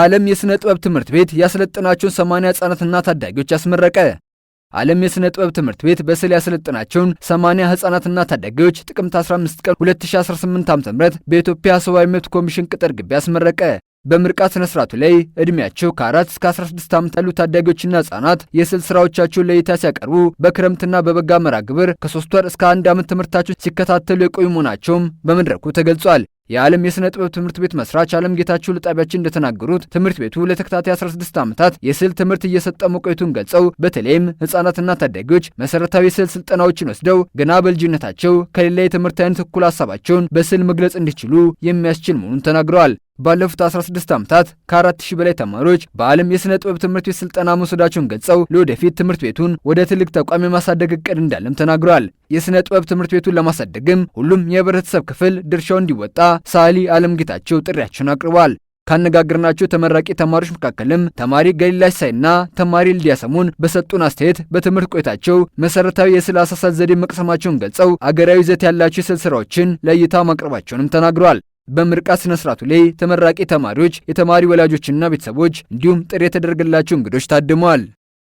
ዓለም የሥነ ጥበብ ትምህርት ቤት ያሰለጠናቸውን 80 ሕፃናትና ታዳጊዎች አስመረቀ። ዓለም የሥነ ጥበብ ትምህርት ቤት በስዕል ያሰለጠናቸውን 80 ሕፃናትና ታዳጊዎች ጥቅምት 15 ቀን 2018 ዓ.ም በኢትዮጵያ ሰብአዊ መብት ኮሚሽን ቅጥር ግቢ አስመረቀ። በምርቃት ስነ ስርዓቱ ላይ ዕድሜያቸው ከ4 እስከ 16 ዓመት ያሉ ታዳጊዎችና ሕፃናት የስዕል ስራዎቻቸውን ለእይታ ሲያቀርቡ በክረምትና በበጋ መርሃ ግብር ከሶስት ወር እስከ አንድ ዓመት ትምህርታቸውን ሲከታተሉ የቆዩ መሆናቸውም በመድረኩ ተገልጿል። የዓለም የሥነ ጥበብ ትምህርት ቤት መስራች ዓለም ጌታቸው ለጣቢያችን እንደተናገሩት ትምህርት ቤቱ ለተከታታይ 16 ዓመታት የስዕል ትምህርት እየሰጠ መቆየቱን ገልጸው በተለይም ሕጻናትና ታዳጊዎች መሰረታዊ የስዕል ስልጠናዎችን ወስደው ገና በልጅነታቸው ከሌላ የትምህርት አይነት እኩል ሀሳባቸውን በስዕል መግለጽ እንዲችሉ የሚያስችል መሆኑን ተናግረዋል። ባለፉት 16 ዓመታት ከ4000 በላይ ተማሪዎች በዓለም የሥነ ጥበብ ትምህርት ቤት ስልጠና መውሰዳቸውን ገልጸው ለወደፊት ትምህርት ቤቱን ወደ ትልቅ ተቋም የማሳደግ እቅድ እንዳለም ተናግረዋል። የሥነ ጥበብ ትምህርት ቤቱን ለማሳደግም ሁሉም የህብረተሰብ ክፍል ድርሻው እንዲወጣ ሳሊ ዓለም ጌታቸው ጥሪያቸውን አቅርበዋል። ካነጋገርናቸው ተመራቂ ተማሪዎች መካከልም ተማሪ ገሊላሽ ሳይና ተማሪ ልዲያ በሰጡን አስተያየት በትምህርት ቆይታቸው መሰረታዊ የስዕል አሳሳል ዘዴ መቅሰማቸውን ገልጸው አገራዊ ይዘት ያላቸው የስዕል ስራዎችን ለእይታ ማቅረባቸውንም ተናግረዋል። በምርቃ ስነ ስርዓቱ ላይ ተመራቂ ተማሪዎች፣ የተማሪ ወላጆችና ቤተሰቦች እንዲሁም ጥሪ የተደረገላቸው እንግዶች ታድመዋል።